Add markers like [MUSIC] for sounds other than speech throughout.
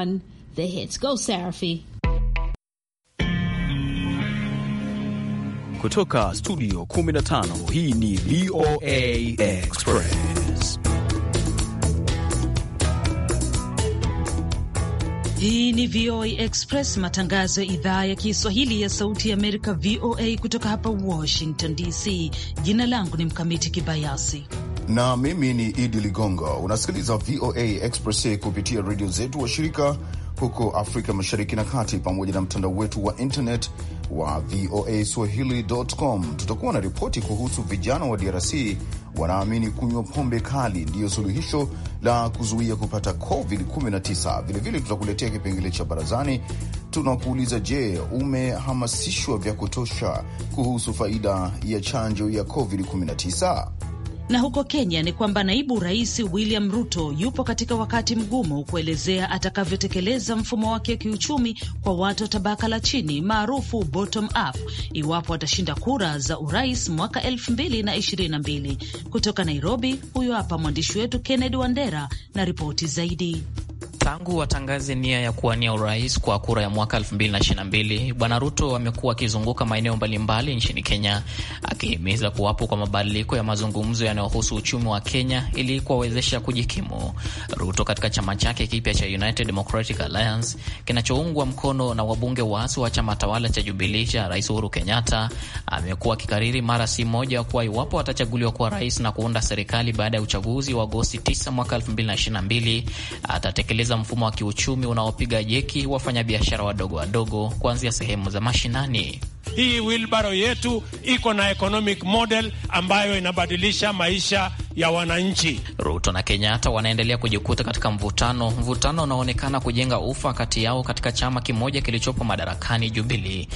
on the hits. Go Sarafi. Kutoka studio 15 hii ni VOA Express. Hii ni VOA Express, matangazo ya idhaa ya Kiswahili ya sauti ya Amerika, VOA, kutoka hapa Washington DC. Jina langu ni Mkamiti Kibayasi na mimi ni Idi Ligongo. Unasikiliza VOA Express kupitia redio zetu wa shirika huko Afrika Mashariki na Kati, pamoja na mtandao wetu wa internet wa VOA Swahili.com. Tutakuwa na ripoti kuhusu vijana wa DRC wanaamini kunywa pombe kali ndiyo suluhisho la kuzuia kupata COVID-19. Vilevile tutakuletea kipengele cha barazani. Tunakuuliza, je, umehamasishwa vya kutosha kuhusu faida ya chanjo ya COVID-19? Na huko Kenya ni kwamba naibu rais William Ruto yupo katika wakati mgumu kuelezea atakavyotekeleza mfumo wake wa kiuchumi kwa watu wa tabaka la chini maarufu bottom up, iwapo atashinda kura za urais mwaka 2022. Kutoka Nairobi, huyo hapa mwandishi wetu Kennedy Wandera na ripoti zaidi. Tangu watangaze nia ya kuwania urais kwa kura ya mwaka 2022 Bwana Ruto amekuwa akizunguka maeneo mbalimbali nchini Kenya akihimiza kuwapo kwa mabadiliko ya mazungumzo yanayohusu uchumi wa Kenya ili kuwawezesha kujikimu. Ruto katika chama chake kipya cha United Democratic Alliance kinachoungwa mkono na wabunge waasi wa chama tawala cha Jubilee cha Rais Uhuru Kenyatta amekuwa akikariri mara si moja kuwa iwapo atachaguliwa kuwa rais na kuunda serikali baada ya uchaguzi wa Agosti 9 mwaka 2022 atatekeleza kuendeleza mfumo wa kiuchumi unaopiga jeki wafanyabiashara wadogo wadogo kuanzia sehemu za mashinani. Hii wilbaro yetu iko na economic model ambayo inabadilisha maisha ya wananchi. Ruto na Kenyatta wanaendelea kujikuta katika mvutano, mvutano unaoonekana kujenga ufa kati yao katika chama kimoja kilichopo madarakani, Jubilee.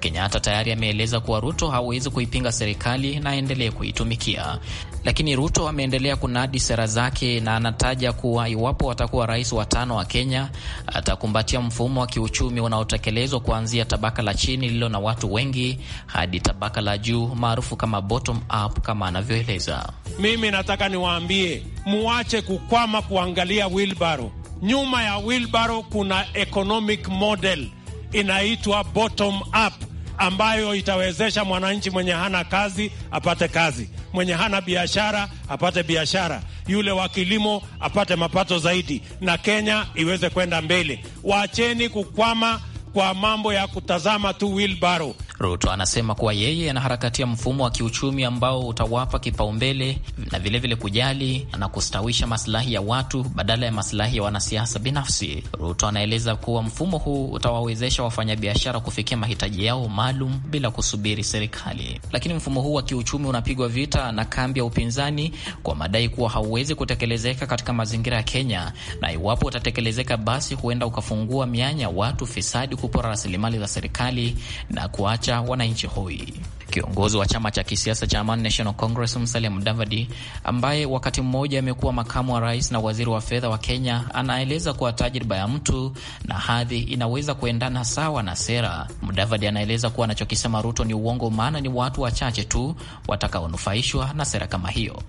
Kenyatta tayari ameeleza kuwa Ruto hawezi kuipinga serikali na aendelee kuitumikia, lakini Ruto ameendelea kunadi sera zake na anataja kuwa iwapo atakuwa rais wa tano wa Kenya atakumbatia mfumo wa kiuchumi unaotekelezwa kuanzia tabaka la chini lililo na watu wengi hadi tabaka la juu maarufu kama bottom up, kama anavyoeleza. Mimi nataka niwaambie, muache kukwama kuangalia wilbaro. Nyuma ya wilbaro kuna economic model inaitwa bottom up ambayo itawezesha mwananchi mwenye hana kazi apate kazi mwenye hana biashara apate biashara, yule wa kilimo apate mapato zaidi, na Kenya iweze kwenda mbele. Waacheni kukwama kwa mambo ya kutazama tu wheelbarrow. Ruto anasema kuwa yeye anaharakatia mfumo wa kiuchumi ambao utawapa kipaumbele na vilevile vile kujali na kustawisha masilahi ya watu badala ya masilahi ya wanasiasa binafsi. Ruto anaeleza kuwa mfumo huu utawawezesha wafanyabiashara kufikia mahitaji yao maalum bila kusubiri serikali. Lakini mfumo huu wa kiuchumi unapigwa vita na kambi ya upinzani kwa madai kuwa hauwezi kutekelezeka katika mazingira ya Kenya, na iwapo utatekelezeka, basi huenda ukafungua mianya watu fisadi kupora rasilimali za serikali na kuacha cha wananchi hui. Kiongozi wa chama cha kisiasa cha Amani National Congress Musalia Mudavadi, ambaye wakati mmoja amekuwa makamu wa rais na waziri wa fedha wa Kenya, anaeleza kuwa tajriba ya mtu na hadhi inaweza kuendana sawa na sera. Mudavadi anaeleza kuwa anachokisema Ruto ni uongo, maana ni watu wachache tu watakaonufaishwa na sera kama hiyo.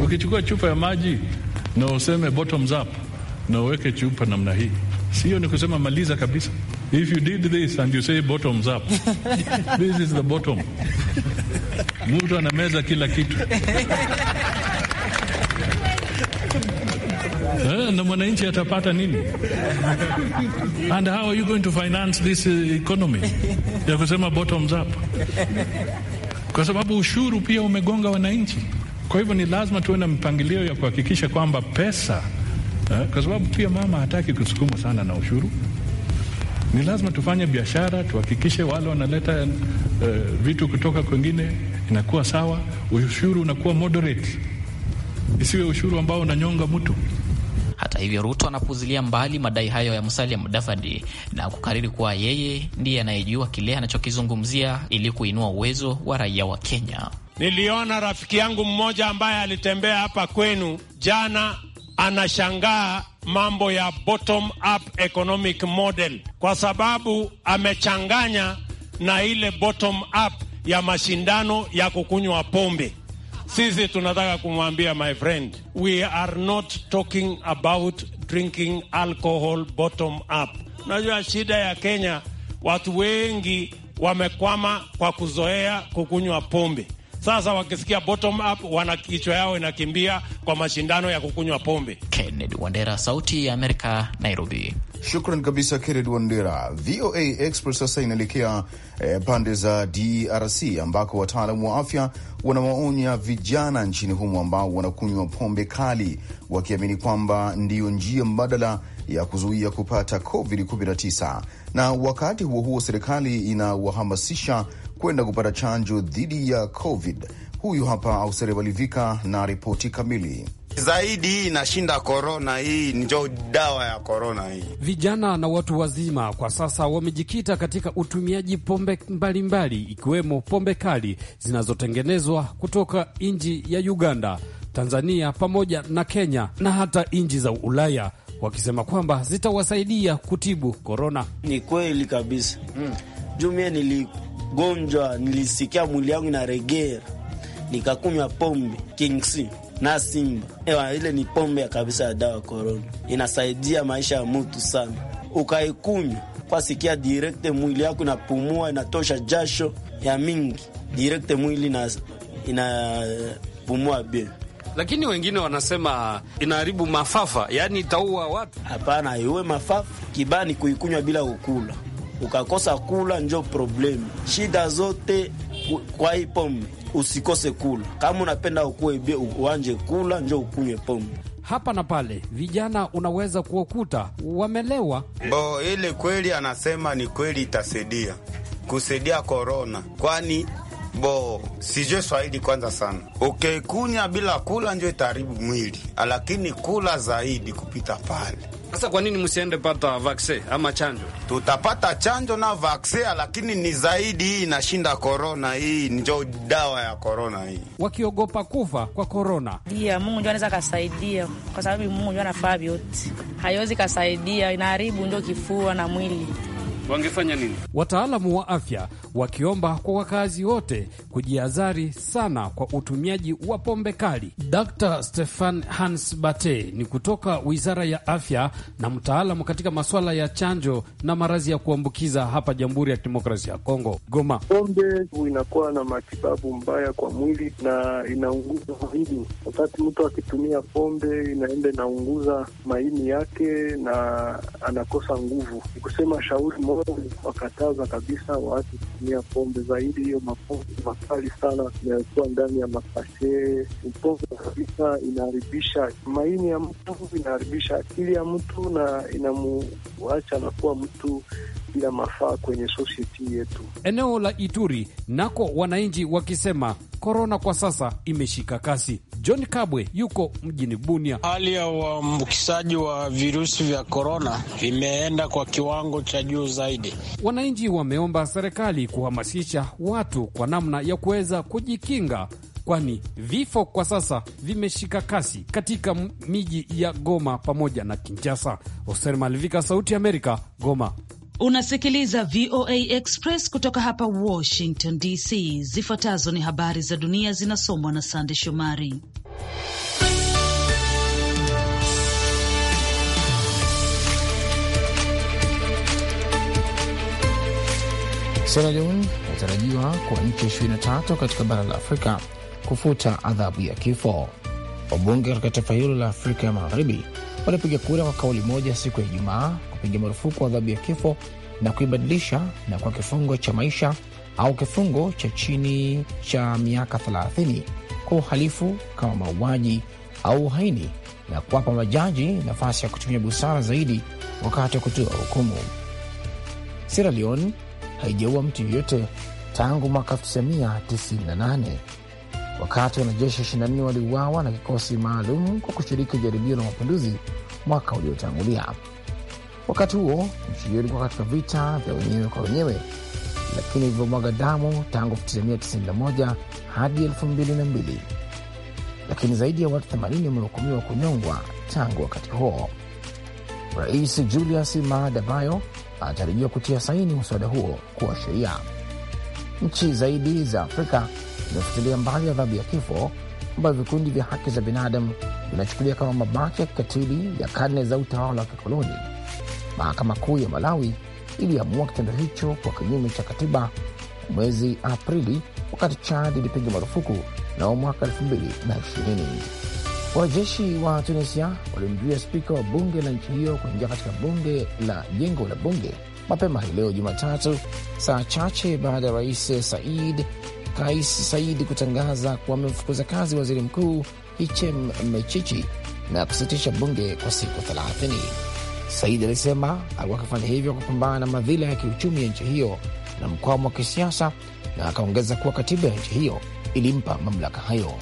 Ukichukua chupa ya maji na useme bottoms up na uweke chupa namna hii Sio ni kusema maliza kabisa. If you did this and you say bottoms up. [LAUGHS] This is the bottom. Mtu anameza kila kitu [LAUGHS] eh, na mwananchi atapata nini? And how are you going to finance this uh, economy? Ya kusema bottoms up, kwa sababu ushuru pia umegonga wananchi. Kwa hivyo ni lazima tuwe na mipangilio ya kuhakikisha kwamba pesa Eh, kwa sababu pia mama hataki kusukumwa sana na ushuru. Ni lazima tufanye biashara, tuhakikishe wale wanaleta uh, vitu kutoka kwengine inakuwa sawa, ushuru unakuwa moderate, isiwe ushuru ambao unanyonga mtu. Hata hivyo, Ruto anapuzilia mbali madai hayo ya Musalia Mudavadi na kukariri kuwa yeye ndiye anayejua kile anachokizungumzia ili kuinua uwezo wa raia wa Kenya. Niliona rafiki yangu mmoja ambaye alitembea hapa kwenu jana anashangaa mambo ya bottom up economic model kwa sababu amechanganya na ile bottom up ya mashindano ya kukunywa pombe. Sisi tunataka kumwambia my friend, we are not talking about drinking alcohol bottom up. Unajua shida ya Kenya, watu wengi wamekwama kwa kuzoea kukunywa pombe. Sasa wakisikia bottom up, wana kichwa yao inakimbia kwa mashindano ya kukunywa pombe. Kennedy Wandera, Sauti ya Amerika, Nairobi. Shukran kabisa Kennedy Wandera. VOA Express sasa inaelekea eh, pande za DRC ambako wataalamu wa afya wanawaonya vijana nchini humo ambao wanakunywa pombe kali, wakiamini kwamba ndiyo njia mbadala ya kuzuia kupata COVID-19. Na wakati huo huo, serikali inawahamasisha kwenda kupata chanjo dhidi ya COVID. Huyu hapa Ausere Walivika na ripoti kamili zaidi. Hii inashinda korona, hii njo dawa ya korona hii. Vijana na watu wazima kwa sasa wamejikita katika utumiaji pombe mbalimbali mbali, ikiwemo pombe kali zinazotengenezwa kutoka nchi ya Uganda, Tanzania pamoja na Kenya na hata nchi za Ulaya wakisema kwamba zitawasaidia kutibu korona. Ni kweli kabisa mm. Jumia nili gonjwa, nilisikia mwili yangu inaregera, nikakunywa pombe Kingsi na Simba. Ewa, ile ni pombe ya kabisa ya dawa korona, inasaidia maisha ya mutu sana. Ukaikunywa kwasikia direkte mwili yako inapumua, inatosha jasho ya mingi direkte, mwili inapumua ina bien lakini wengine wanasema inaharibu mafafa, yaani itaua watu. Hapana, iwe mafafa kibani kuikunywa bila kukula ukakosa kula, njo problemu. Shida zote kwa hii pombe, usikose kula. Kama unapenda ukue bie, uanje kula, njo ukunywe pombe hapa na pale, vijana unaweza kuokuta wamelewa bo. Ile kweli anasema ni kweli, itasaidia kusaidia korona, kwani bo sijue swahili kwanza sana. Ukikunya okay, bila kula njo itaharibu mwili, lakini kula zaidi kupita pale sasa kwa nini msiende pata vaksin ama chanjo? Tutapata chanjo na vaksi lakini ni zaidi. Hii inashinda korona, hii njo dawa ya korona hii. Wakiogopa kufa kwa korona, dia Mungu ndio anaweza kasaidia, kwa sababu Mungu ndio anafaa vyote. Haiwezi kasaidia, inaharibu ndio kifua na mwili. Wangefanya nini wataalamu wa afya? wakiomba kwa wakazi wote kujiazari sana kwa utumiaji wa pombe kali. Dr Stefan Hans Bate ni kutoka Wizara ya Afya na mtaalamu katika masuala ya chanjo na maradhi ya kuambukiza hapa Jamhuri ya Kidemokrasia ya Kongo, Goma. Pombe inakuwa na matibabu mbaya kwa mwili na inaunguza maini. Wakati mtu akitumia pombe, inaenda inaunguza maini yake na anakosa nguvu. Ni kusema shauri moja wakataza kabisa watu kutumia pombe zaidi. Hiyo mapombe makali sana inayokuwa ndani ya mapashe, pombe kabisa inaharibisha maini ya mtu, inaharibisha akili ya mtu na inamuacha anakuwa mtu bila mafaa kwenye society yetu. Eneo la Ituri nako wananchi wakisema korona kwa sasa imeshika kasi. John Kabwe yuko mjini Bunia. Hali ya uambukizaji wa virusi vya korona vimeenda kwa kiwango cha juu zaidi. Wananchi wameomba serikali kuhamasisha watu kwa namna ya kuweza kujikinga kwani vifo kwa sasa vimeshika kasi katika miji ya Goma pamoja na Kinshasa. hoser Malivika, Sauti Amerika, Goma. Unasikiliza VOA Express kutoka hapa Washington DC. Zifuatazo ni habari za dunia zinasomwa na Sande Shomari. Sierra Leone inatarajiwa kwa nchi 23 katika bara la Afrika kufuta adhabu ya kifo. Wabunge katika taifa hilo la Afrika ya Magharibi walipiga kura kwa kauli moja siku ya Ijumaa kupiga marufuku adhabu ya kifo na kuibadilisha na kwa kifungo cha maisha au kifungo cha chini cha miaka 30 kwa uhalifu kama mauaji au uhaini na kuwapa majaji nafasi ya kutumia busara zaidi wakati wa kutoa hukumu. Sierra Leone haijaua mtu yeyote tangu mwaka 1998 wakati wanajeshi 24 waliuawa na kikosi maalum kwa kushiriki jaribio la mapinduzi mwaka uliotangulia. Wakati huo nchi hiyo ilikuwa katika vita vya wenyewe kwa wenyewe, lakini ilivyomwaga damu tangu 1991 hadi 2002, lakini zaidi ya watu 80 wamehukumiwa kunyongwa tangu wakati huo. Rais Julius Maada Bio anatarajiwa kutia saini mswada huo kuwa sheria. Nchi zaidi za Afrika vinafutilia mbali adhabu ya kifo ambayo vikundi vya haki za binadamu vinachukulia kama mabaki ya kikatili ya karne za utawala wa kikoloni. Mahakama Kuu ya Malawi iliamua kitendo hicho kwa kinyume cha katiba mwezi Aprili, wakati Chad ilipiga marufuku nao mwaka 2020. Wanajeshi wa Tunisia walimzuia spika wa bunge la nchi hiyo kuingia katika bunge la jengo la bunge mapema hii leo Jumatatu, saa chache baada ya rais Said Kais Said kutangaza kuwa amemfukuza kazi waziri mkuu Hichem Mechichi na kusitisha bunge kwa siku 30. Said alisema alikuwa akifanya hivyo kupambana na madhila ya kiuchumi ya nchi hiyo na mkwamo wa kisiasa, na akaongeza kuwa katiba ya nchi hiyo ilimpa mamlaka hayo.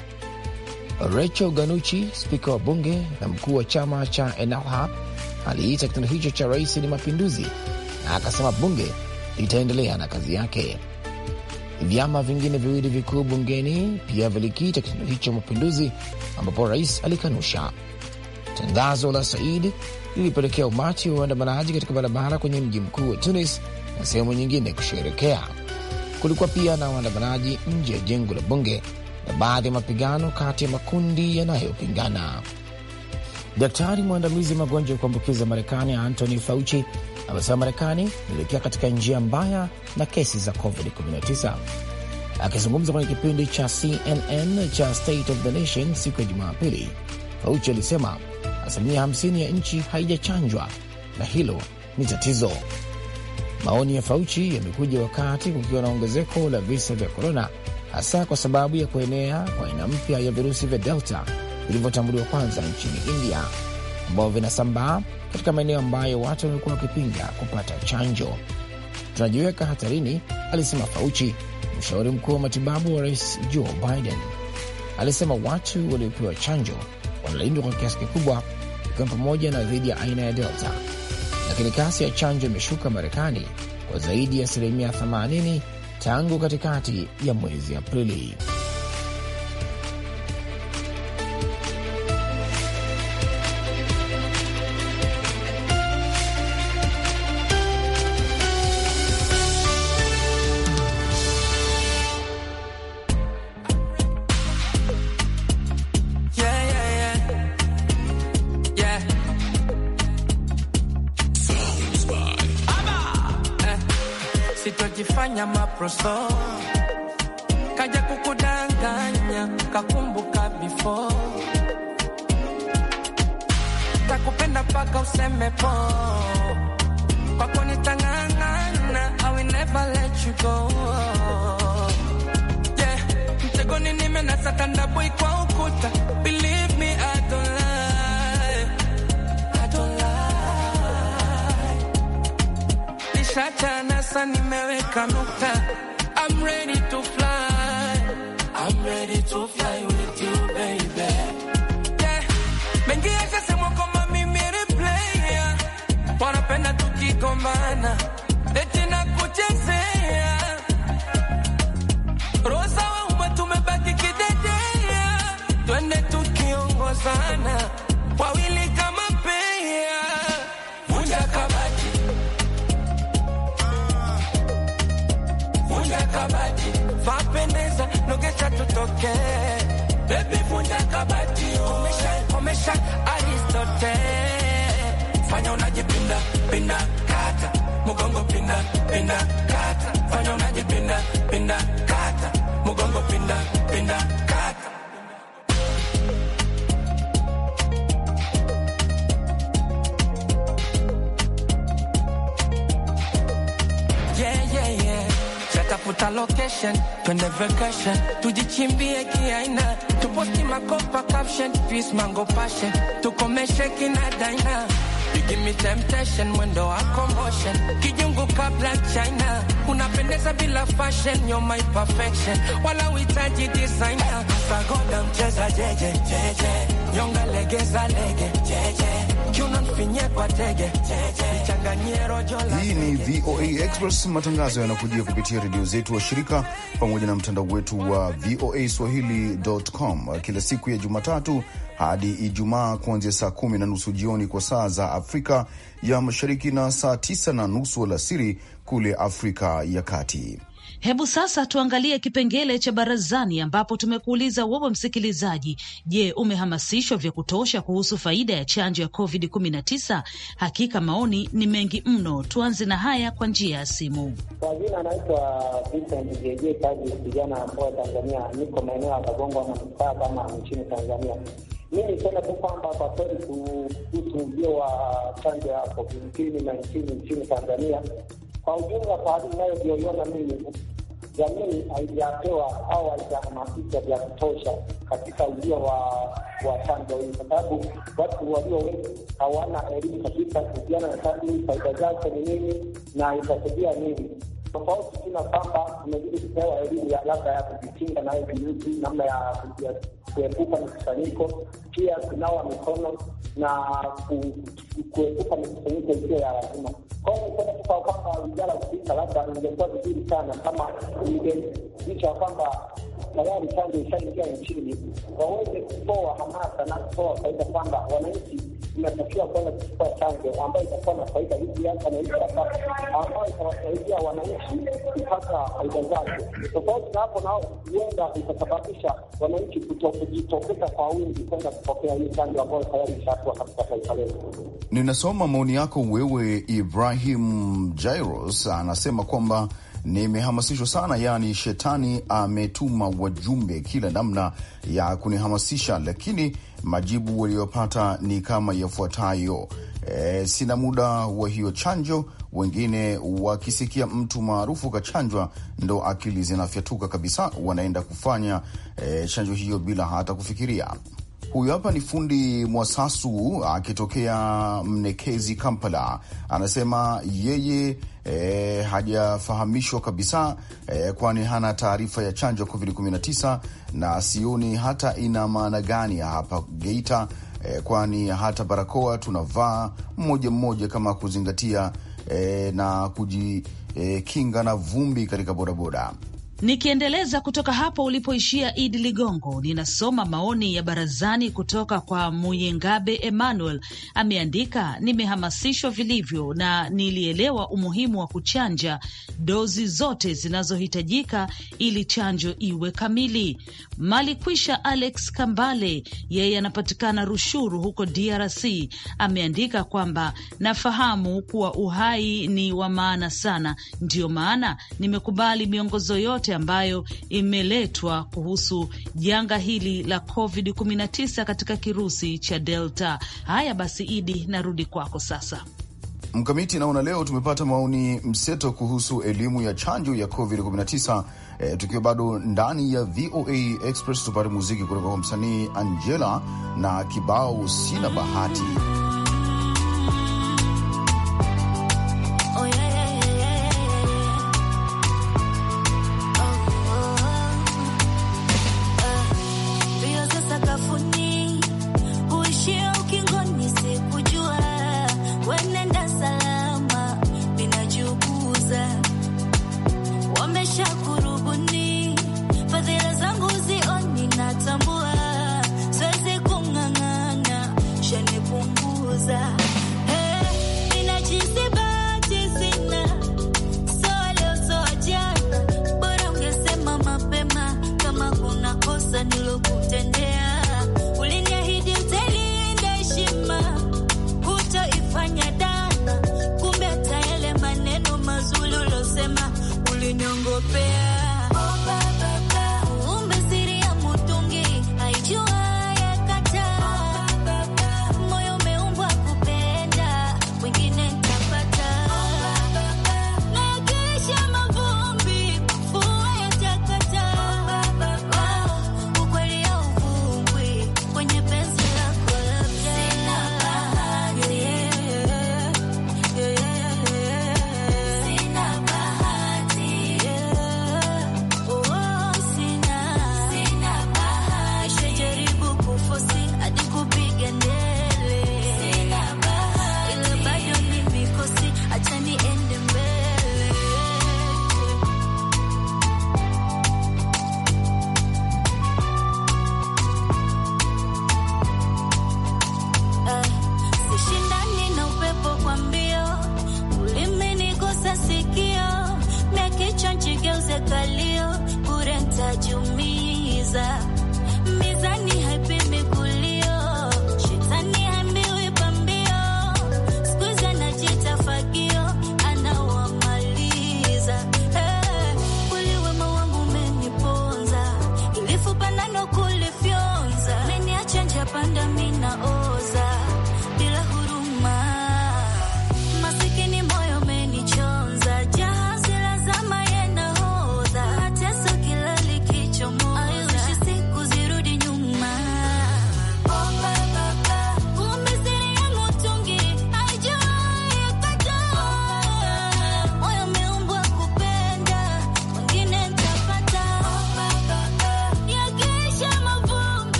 Rachel Ganuchi, spika wa bunge na mkuu wa chama cha Enalha, aliita kitendo hicho cha rais ni mapinduzi, na akasema bunge litaendelea na kazi yake. Vyama vingine viwili vikuu bungeni pia vilikiita kitendo hicho mapinduzi, ambapo rais alikanusha. Tangazo la Said lilipelekea umati wa waandamanaji katika barabara kwenye mji mkuu wa Tunis na sehemu nyingine kusherekea. Kulikuwa pia na waandamanaji nje ya jengo la bunge na baadhi ya mapigano kati ya makundi yanayopingana. Daktari mwandamizi wa magonjwa ya kuambukiza Marekani Anthony Fauci amesema Marekani inaelekea katika njia mbaya na kesi za COVID-19. Akizungumza kwenye kipindi cha CNN cha State of the Nation siku ya Jumapili, fauchi alisema asilimia 50 ya nchi haijachanjwa na hilo ni tatizo. Maoni ya fauchi yamekuja wakati kukiwa na ongezeko la visa vya korona, hasa kwa sababu ya kuenea kwa aina mpya ya virusi vya Delta vilivyotambuliwa kwanza nchini India ambavyo vinasambaa katika maeneo ambayo watu wamekuwa wakipinga kupata chanjo. Tunajiweka hatarini, alisema Fauci, mshauri mkuu wa matibabu wa rais Joe Biden. Alisema watu waliopewa chanjo wanalindwa kwa kiasi kikubwa, ikiwa pamoja na dhidi ya aina ya Delta, lakini kasi ya chanjo imeshuka Marekani kwa zaidi ya asilimia 80 tangu katikati ya mwezi Aprili. prosto location, twende vacation, tujichimbie kiaina, tuposti makopa caption, peace mango passion, tukomeshe kina daina, you give me temptation, mwendo wa motion, kijungu kabla China, unapendeza bila fashion, you're my perfection, wala uhitaji designer, sagoda mcheza jeje jeje, nyonga legeza lege jeje hii ni VOA Express, matangazo yanakujia kupitia redio zetu wa shirika pamoja na mtandao wetu wa VOA Swahili.com kila siku ya Jumatatu hadi Ijumaa kuanzia saa kumi na nusu jioni kwa saa za Afrika ya Mashariki na saa tisa na nusu alasiri kule Afrika ya Kati. Hebu sasa tuangalie kipengele cha barazani, ambapo tumekuuliza wewe msikilizaji, je, umehamasishwa vya kutosha kuhusu faida ya chanjo ya Covid 19? Hakika maoni ni mengi mno. Tuanze na haya kwa njia ya simu. Kwa jina anaitwa Vincent Jeje kazi kijana mpoa Tanzania, niko maeneo ya Kagongo manispaa kama nchini Tanzania. Mimi niseme tu kwamba kwa kweli kuhusu ujio wa chanjo ya Covid 19 nchini Tanzania kwa ujumla, kwa fahari inayojiona mimi, jamii haijapewa au haijahamasisha vya kutosha katika ujio wa chanjo hii, kwa sababu watu walio wengi hawana elimu kabisa kuhusiana na chanjo hii, faida zake ni nini na itasaidia nini tofauti tu na kwamba tumezidi kupewa elimu ya labda ya kujikinga nayo virusi, namna ya kuepuka mikusanyiko, pia kunawa mikono na kuepuka mikusanyiko isiyo ya lazima. Kwa hiyo nisema tu kwa kwamba wizara husika labda ingekuwa vizuri sana kama ya kwamba tayari chanjo ishaingia nchini, waweze kutoa hamasa na kutoa faida kwamba wananchi inatakiwa kwanza kuchukua chanjo ambayo itakuwa na faida hizi hapa na hapa, ambayo itawasaidia wananchi kupata faida zake. Tofauti na hapo, nao huenda itasababisha wananchi kujitokeza kwa wingi kwenda kupokea hii chanjo ambayo tayari ishatua katika taifa letu. Ninasoma maoni yako wewe, Ibrahim Jairos anasema kwamba nimehamasishwa sana, yaani shetani ametuma wajumbe kila namna ya kunihamasisha, lakini majibu waliyopata ni kama yafuatayo: e, sina muda wa hiyo chanjo. Wengine wakisikia mtu maarufu kachanjwa ndo akili zinafyatuka kabisa, wanaenda kufanya e, chanjo hiyo bila hata kufikiria. Huyu hapa ni fundi Mwasasu akitokea Mnekezi, Kampala. Anasema yeye e, hajafahamishwa kabisa e, kwani hana taarifa ya chanjo ya COVID-19 na sioni hata ina maana gani hapa Geita e, kwani hata barakoa tunavaa mmoja mmoja kama kuzingatia e, na kujikinga e, na vumbi katika bodaboda. Nikiendeleza kutoka hapo ulipoishia Idi Ligongo, ninasoma maoni ya barazani kutoka kwa Muyengabe Emmanuel. Ameandika, nimehamasishwa vilivyo na nilielewa umuhimu wa kuchanja dozi zote zinazohitajika ili chanjo iwe kamili. Malikwisha Alex Kambale, yeye anapatikana Rushuru huko DRC, ameandika kwamba nafahamu kuwa uhai ni wa maana sana, ndiyo maana nimekubali miongozo yote yote ambayo imeletwa kuhusu janga hili la COVID-19 katika kirusi cha Delta. Haya basi, Idi, narudi kwako sasa. Mkamiti, naona leo tumepata maoni mseto kuhusu elimu ya chanjo ya COVID-19. E, tukiwa bado ndani ya VOA Express tupate muziki kutoka kwa msanii Angela na kibao sina bahati.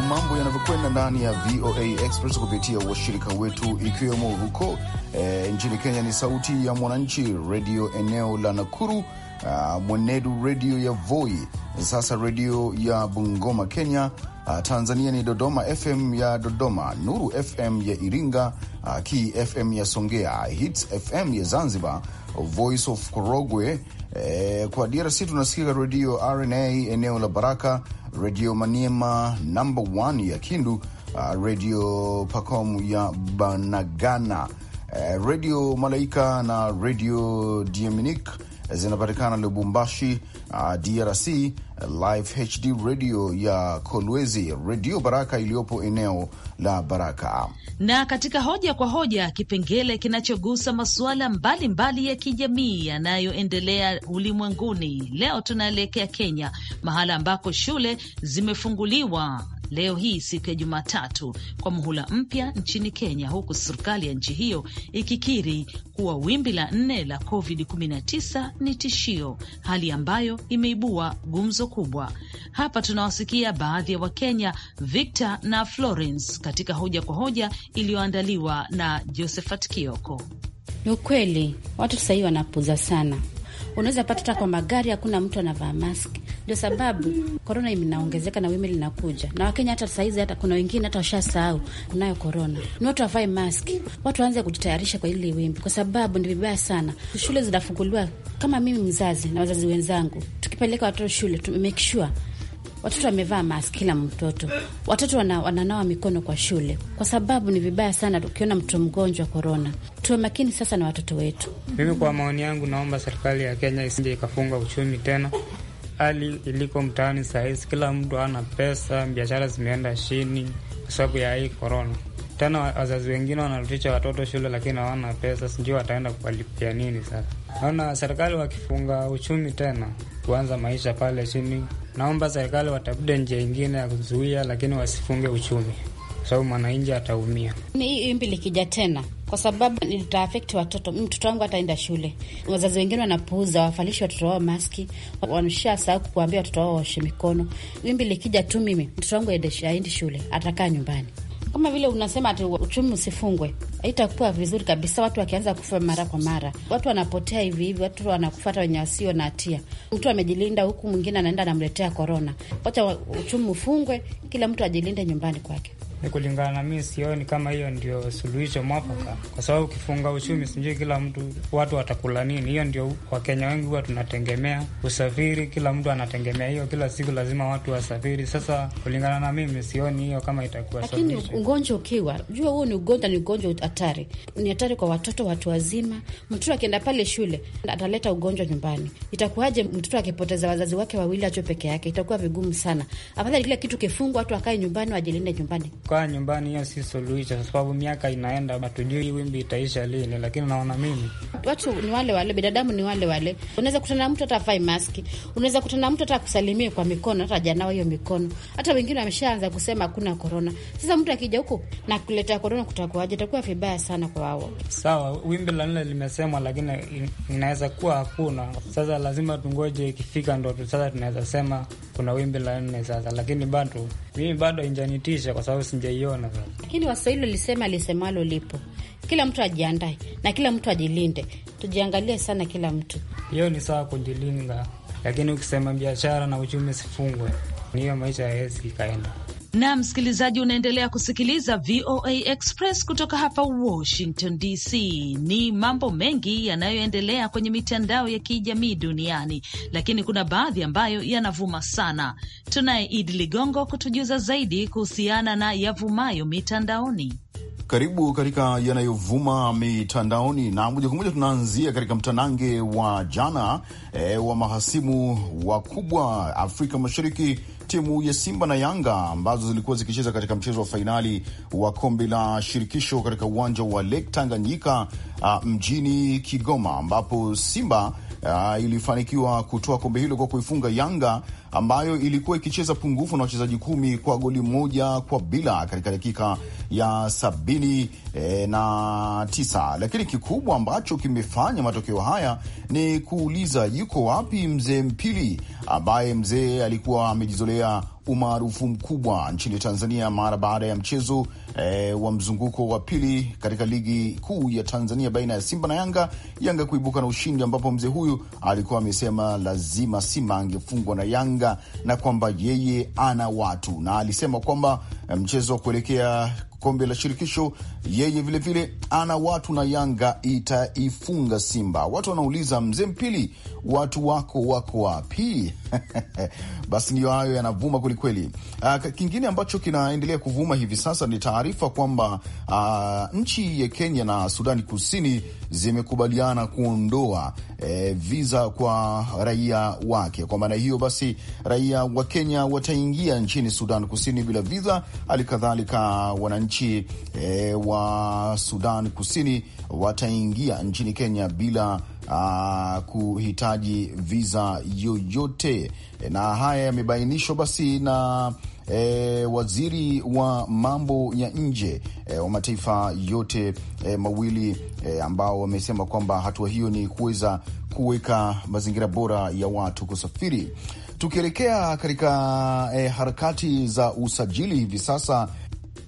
ndivyo mambo yanavyokwenda ndani ya VOA Express kupitia washirika wetu, ikiwemo huko e, nchini Kenya ni Sauti ya Mwananchi redio eneo la Nakuru, a, ah, Mwenedu redio ya Voi, sasa redio ya Bungoma Kenya. a, ah, Tanzania ni Dodoma FM ya Dodoma, Nuru FM ya Iringa, a, ah, Ki FM ya Songea, Hits FM ya Zanzibar, Voice of Korogwe. E, kwa DRC tunasikika redio RNA eneo la Baraka, Redio Maniema namba 1 ya Kindu, uh, Redio Pacom ya Banagana, uh, Redio Malaika na Redio Dominic zinapatikana Lubumbashi, uh, DRC Live HD radio ya Kolwezi, Redio Baraka iliyopo eneo la Baraka. Na katika hoja kwa hoja, kipengele kinachogusa masuala mbalimbali mbali ya kijamii yanayoendelea ulimwenguni. Leo tunaelekea Kenya, mahala ambako shule zimefunguliwa leo hii siku ya Jumatatu kwa muhula mpya nchini Kenya, huku serikali ya nchi hiyo ikikiri kuwa wimbi la nne la COVID-19 ni tishio, hali ambayo imeibua gumzo kubwa. Hapa tunawasikia baadhi ya wa Wakenya, Victor na Florence, katika hoja kwa hoja iliyoandaliwa na Josephat Kioko. Ni ukweli watu sahii wanapuza sana unaweza pata hata kwa magari, hakuna mtu anavaa maski. Ndio sababu korona inaongezeka na wimi linakuja, na Wakenya hata sahizi, hata kuna wengine hata washasahau kunayo korona. Ni watu wavae maski, watu waanze kujitayarisha kwa ili wimbi, kwa sababu ni vibaya sana. Shule zinafunguliwa, kama mimi mzazi na wazazi wenzangu, tukipeleka watoto shule tumemake sure watoto wamevaa mask, kila mtoto, watoto wana, wananawa mikono kwa shule, kwa sababu ni vibaya sana tukiona mtu mgonjwa korona. Tuwe makini sasa na watoto wetu. Mimi kwa maoni yangu, naomba serikali ya Kenya isije ikafunga uchumi tena. Hali iliko mtaani sahizi, kila mtu ana pesa, biashara zimeenda chini kwa sababu ya hii korona. Tena wazazi wengine wanarutisha watoto shule, lakini hawana pesa, sijui wataenda kuwalipia nini. Sasa naona serikali wakifunga uchumi tena kuanza maisha pale chini. Naomba serikali watafute njia ingine ya kuzuia, lakini wasifunge uchumi kwa sababu mwananchi ataumia. Hii wimbi likija tena, kwa sababu litaafekti watoto. Mtoto wangu ataenda shule. Wazazi wengine wanapuuza, wafalishi watoto wao maski, wanasha sahau kuambia watoto wao waoshe mikono. Wimbi likija tu, mimi mtoto wangu aendi shule, atakaa nyumbani kama vile unasema ati uchumi usifungwe, itakuwa vizuri kabisa. Watu wakianza kufa mara kwa mara, watu wanapotea hivi hivi, watu wanakufa hata wenye wasio na hatia. Mtu amejilinda huku, mwingine anaenda anamletea korona. Wacha uchumi ufungwe, kila mtu ajilinde nyumbani kwake ni kulingana na mimi, sioni kama hiyo ndio suluhisho mwafaka, kwa sababu ukifunga uchumi, sijui kila mtu watu watakula nini. Hiyo ndio Wakenya wengi huwa tunategemea usafiri, kila mtu anategemea hiyo, kila siku lazima watu wasafiri. Sasa kulingana na mimi, sioni hiyo kama itakuwa lakini, ugonjwa ukiwa jua huo ni ugonjwa, ni ugonjwa hatari, ni hatari kwa watoto, watu wazima. Mtoto akienda pale shule ataleta ugonjwa nyumbani, itakuwaje? Mtoto akipoteza wazazi wake wawili, acho peke yake, itakuwa vigumu sana. Afadhali kila kitu kifungwa, watu wakae nyumbani, wajilinde nyumbani kukaa nyumbani, hiyo si suluhisho, kwa sababu miaka inaenda, hatujui hii wimbi itaisha lini. Lakini naona mimi watu ni wale wale, binadamu ni wale wale. Unaweza kutana mtu hata avai maski, unaweza kutana mtu hata akusalimie kwa mikono, hata janao hiyo mikono. Hata wengine wameshaanza kusema hakuna korona. Sasa mtu akija huku na kuleta korona, kutakuwaje? Itakuwa vibaya sana kwa wao. Sawa, wimbi la nne limesemwa, lakini inaweza kuwa hakuna. Sasa lazima tungoje ikifika, ndo sasa tunaweza sema kuna wimbi la nne sasa, lakini bado mimi bado injanitisha kwa sababu sijaiona sasa, lakini Waswahili walisema lisemalo lipo. Kila mtu ajiandae na kila mtu ajilinde, tujiangalie sana kila mtu. Hiyo ni sawa kujilinda, lakini ukisema biashara na uchumi sifungwe, niyo maisha yawezi ikaenda na msikilizaji, unaendelea kusikiliza VOA Express kutoka hapa Washington DC. Ni mambo mengi yanayoendelea kwenye mitandao ya kijamii duniani, lakini kuna baadhi ambayo yanavuma sana. Tunaye Idi Ligongo kutujuza zaidi kuhusiana na yavumayo mitandaoni. Karibu katika yanayovuma mitandaoni, na moja kwa moja tunaanzia katika mtanange wa jana e, wa mahasimu wakubwa Afrika Mashariki timu ya Simba na Yanga ambazo zilikuwa zikicheza katika mchezo wa fainali wa kombe la shirikisho katika uwanja wa Lake Tanganyika uh, mjini Kigoma ambapo Simba uh, ilifanikiwa kutoa kombe hilo kwa kuifunga Yanga ambayo ilikuwa ikicheza pungufu na wachezaji kumi kwa goli moja kwa bila katika dakika ya sabini e, na tisa. Lakini kikubwa ambacho kimefanya matokeo haya ni kuuliza yuko wapi mzee Mpili ambaye mzee alikuwa amejizolea umaarufu mkubwa nchini Tanzania mara baada ya mchezo e, wa mzunguko wa pili katika ligi kuu ya Tanzania baina ya Simba na Yanga, Yanga kuibuka na ushindi, ambapo mzee huyu alikuwa amesema lazima Simba angefungwa na Yanga kupinga na kwamba yeye ana watu, na alisema kwamba eh, mchezo wa kuelekea kombe la shirikisho. Yeye vilevile ana watu na Yanga itaifunga Simba. Watu wanauliza mzee Mpili, watu wako wako wapi? [LAUGHS] Basi ndiyo hayo yanavuma kwelikweli. Uh, ah, kingine ambacho kinaendelea kuvuma hivi sasa ni taarifa kwamba uh, nchi ya Kenya na Sudani Kusini zimekubaliana kuondoa eh, viza kwa raia wake. Kwa maana hiyo basi, raia wa Kenya wataingia nchini Sudan Kusini bila viza, hali kadhalika wananchi wananchi e, wa Sudan Kusini wataingia nchini Kenya bila a, kuhitaji viza yoyote, e, na haya yamebainishwa basi na e, waziri wa mambo ya nje e, wa mataifa yote e, mawili e, ambao wamesema kwamba hatua hiyo ni kuweza kuweka mazingira bora ya watu kusafiri. Tukielekea katika e, harakati za usajili hivi sasa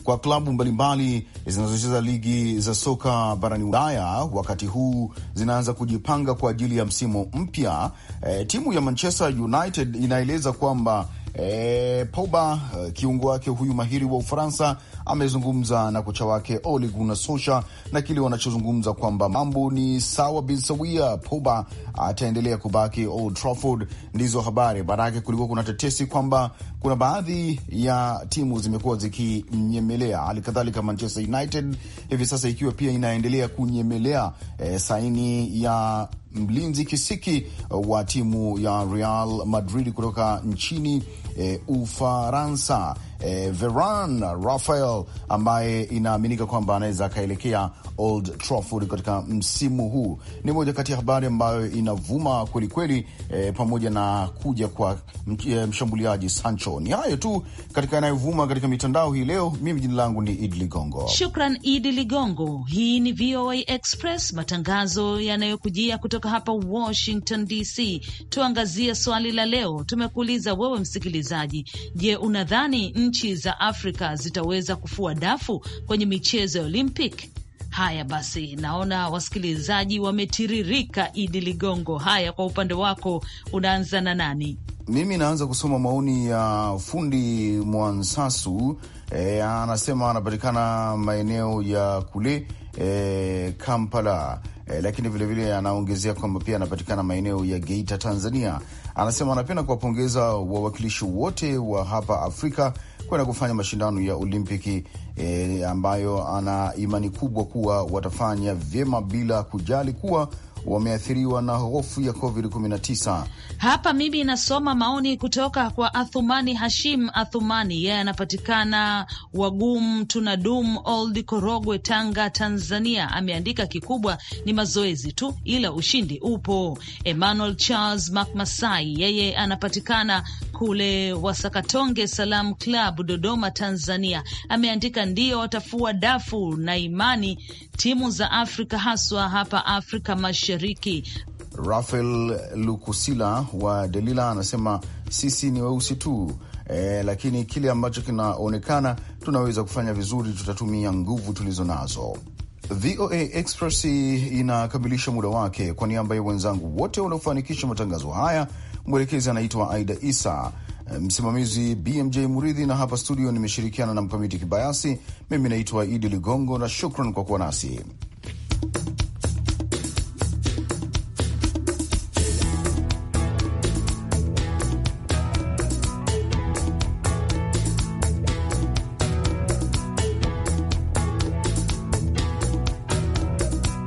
kwa klabu mbalimbali zinazocheza ligi za soka barani Ulaya wakati huu zinaanza kujipanga kwa ajili ya msimu mpya. E, timu ya Manchester United inaeleza kwamba e, Pogba eh, kiungo wake huyu mahiri wa Ufaransa amezungumza na kocha wake Ole Gunnar Solskjaer na kile wanachozungumza kwamba mambo ni sawa bin sawia, Pogba ataendelea kubaki Old Trafford. Ndizo habari. yake kulikuwa kuna tetesi kwamba kuna baadhi ya timu zimekuwa zikinyemelea hali kadhalika Manchester United hivi sasa ikiwa pia inaendelea kunyemelea e, saini ya mlinzi kisiki eh, wa timu ya Real Madrid kutoka nchini e, Ufaransa eh, Veran Rafael ambaye inaaminika kwamba anaweza akaelekea Old Trafford katika msimu huu. Ni moja kati ya habari ambayo inavuma kwelikweli, eh, pamoja na kuja kwa eh, mshambuliaji Sancho. Ni hayo tu katika yanayovuma katika mitandao hii leo. Mimi jina langu ni Idi Ligongo. Shukran Idi Ligongo. Hii ni VOA Express, matangazo yanayokujia kutoka hapa Washington DC. Tuangazie swali la leo, tumekuuliza wewe msikilizaji, je, unadhani nchi za Afrika zitaweza kufua dafu kwenye michezo ya Olympic? Haya basi, naona wasikilizaji wametiririka. Idi Ligongo, haya kwa upande wako unaanza na nani? Mimi naanza kusoma maoni ya fundi Mwansasu. E, anasema anapatikana maeneo ya kule e, Kampala. E, lakini vilevile anaongezea kwamba pia anapatikana maeneo ya Geita, Tanzania. Anasema anapenda kuwapongeza wawakilishi wote wa hapa Afrika kwenda kufanya mashindano ya Olimpiki e, ambayo ana imani kubwa kuwa watafanya vyema bila kujali kuwa wameathiriwa na hofu ya COVID-19. Hapa mimi inasoma maoni kutoka kwa Athumani Hashim Athumani, yeye yeah, anapatikana Wagum Tunadum Old Korogwe, Tanga, Tanzania. Ameandika kikubwa ni mazoezi tu, ila ushindi upo. Emmanuel Charles mcmasai yeye yeah, anapatikana kule Wasakatonge Salam Club Dodoma, Tanzania, ameandika ndiyo watafua dafu na imani timu za Afrika haswa hapa Afrika Mashariki. Rafael Lukusila wa Delila anasema sisi ni weusi tu E, lakini kile ambacho kinaonekana tunaweza kufanya vizuri, tutatumia nguvu tulizo nazo. VOA Express inakamilisha muda wake. Kwa niaba ya wenzangu wote waliofanikisha matangazo haya Mwelekezi anaitwa Aida Isa, msimamizi BMJ Muridhi, na hapa studio nimeshirikiana na Mkamiti Kibayasi. Mimi naitwa Idi Ligongo na shukran kwa kuwa nasi.